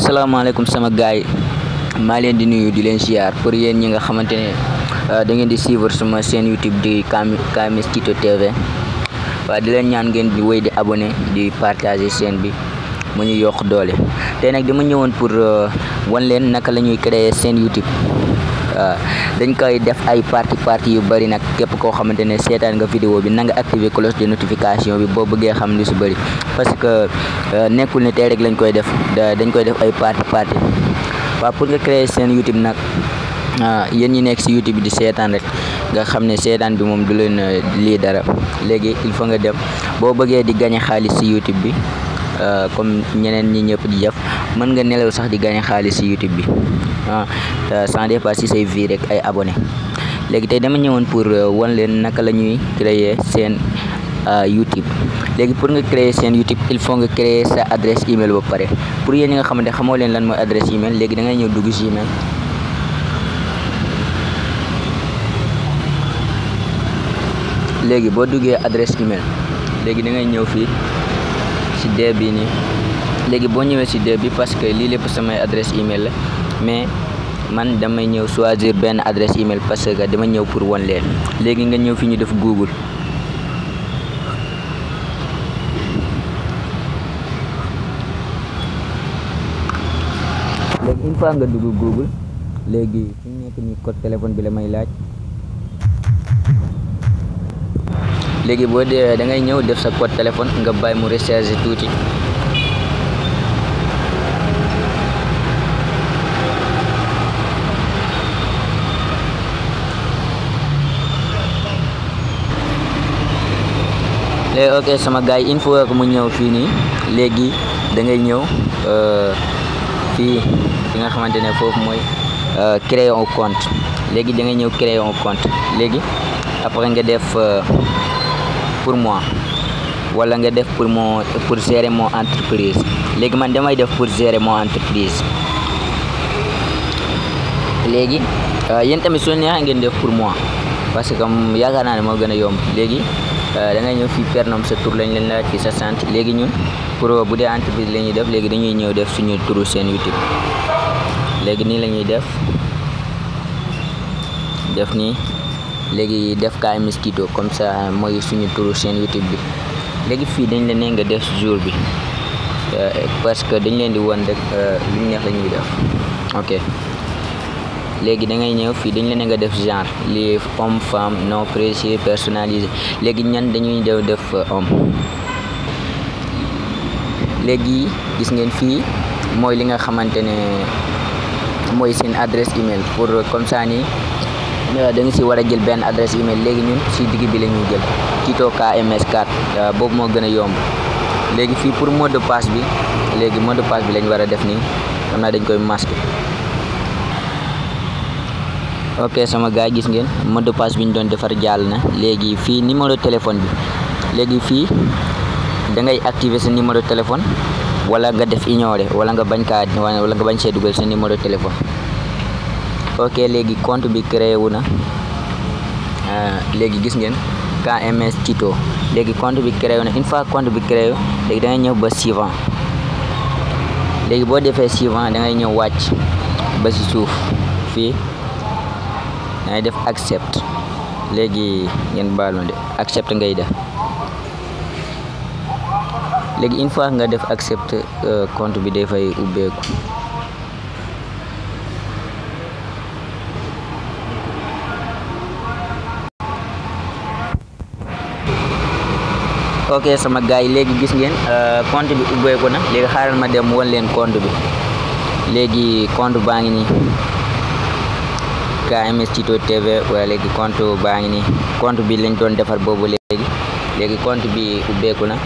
salaamaaleykum sama gaay maa leen di nuyu di leen ziar pour yéen ñi nga xamante ne euh, da ngeen di suivre sama chaîne YouTube di KMS Tuto TV waaye di leen ñaan ngeen di wéy di abone di partager chaîne bi mu ñu yokk doole tey nag dama ñëwoon pour euh, wan leen naka la ñuy créer chaîne YouTube. Eh, dañ koy def ay parti parti yu bari nak képp ko xamantene sétan nga vidéo bi na nga activer cloche de notification bi bo bëggé xam lu su bari parce que eh, nekul ni té rek lañ koy def dañ koy def ay parti parti wa pour nga créer sen youtube nak yeen eh, ñi nekk ci youtube di sétan rek nga xamne di bi mom du leen li dara légui il faut nga dem bo bëggé di gagner xaaliss ci youtube bi comme ñeneen ñi ñëpp di jëf mën nga nelaw sax di gagner xaaliss ci youtube bi sans dépasser dia vues rek ay abonné léegi tey dama ñëwoon pour wan leen naka la ñuy créer seen YouTube léegi pour nga créer sen YouTube il faut nga créer sa adresse email ba puri pour yéen ñi nga xamante xamoo lan mooy adresse email léegi da ngay ñëw dugg Gmail léegi boo duggee adresse email léegi da ngay ñëw fii si dee bii nii léegi boo ñëwee si dee bi parce que lii lépp adresse email la mais man damay ñëw choisir benn adresse email parce que dama ñëw pour won leen léegi nga ñëw fi ñu def Google léegi une fois nga léegi fi ñu nekk nii code téléphone bi la may laaj léegi boo dee dangay ñëw def sa code téléphone nga bàyyi mu recharger tuuti eh ok sama gars info il faut que mu ñëw fii nii léegi da ngay ñëw fii fi nga xamante ne foofu mooy créer un compte léegi da ngay ñëw créer un compte léegi après nga def eh, pour moi wala nga def pour mon pour gérer mon entreprise léegi man damay def pour gérer mon entreprise léegi eh, yéen tamit ngeen def pour moi parce que yaakaar naa yomb Euh, da ngay ñëw fii pernom sa tur lañ leen laaj fii sa sant léegi ñu pour bu dee entreprise la ñuy def léegi dañuy ñëw def suñu turu seen YouTube léegi nii lañuy def def nii léegi def kaay mosquito comme ça mooy suñu turu seen YouTube bi léegi fii dañ la nee nga def jour bi euh, parce que dañ leen di won rek euh, lu neex la ñuy def ok léegi da ngay ñëw fii dañ la ne nga def genre lii homme femme non précis personnalisé léegi ñan dañuy dew def homme léegi gis ngeen fii mooy li nga xamante ne mooy seen adresse email pour comme ça ni euh, da nga si war a jël benn adresse email léegi ñun si digg bi la ñuy jël Tito KMS 4 euh, boobu moo gën a yomb léegi fii pour mot de passe bi léegi mot de passe bi lañ war a def nii xam naa dañ koy masquer ok sama gaay gis ngeen mot de passe bi ñu doon defar jàll na léegi fii numéro téléphone bi léegi fii da ngay activer sa numéro téléphone wala nga def ignorer wala nga bañ kaa wala nga bañ see dugal sa numéro téléphone ok léegi compte bi créé wu na euh, léegi gis ngeen KMS Tito léegi compte bi créé na une fois compte bi créé léegi da ngay ñëw ba suivant léegi boo defee suivant da ngay ñëw wàcc ba si suuf fii yaa nah, def accept lagi ngeen baru ma accept ngay def léegi une fois nga def accept compte eh, bi ubek oke sama gars lagi léegi gis ngeen compte eh, bi ubbeeku na léegi xaaral ma dem won leen compte bi léegi compte baa KMS Tuto TV wala léegi compte baa ngi nii compte bi lañ doon defar boobu léegi léegi compte bi ubbeeku na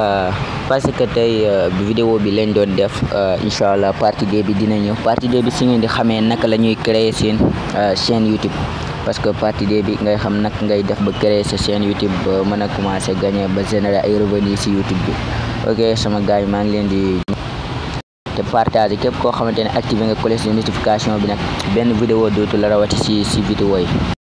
euh, parce que tey euh, vidéo bi lañ doon def euh, incha allah partie 2 bi dina ñëw partie dee bi si ngeen di xamee naka lañuy ñuy créer seen chaîne YouTube parce que partie 2 bi ngay xam naka ngay def ba créer sa chaîne YouTube ba mën a commencer gagner ba générer ay revenus si YouTube bi ok sama gars yi maa ngi leen di. te partage képp koo xamante ne activé nga cloche de notification bi nag benn vidéo dootu la rawati si si vidéo yi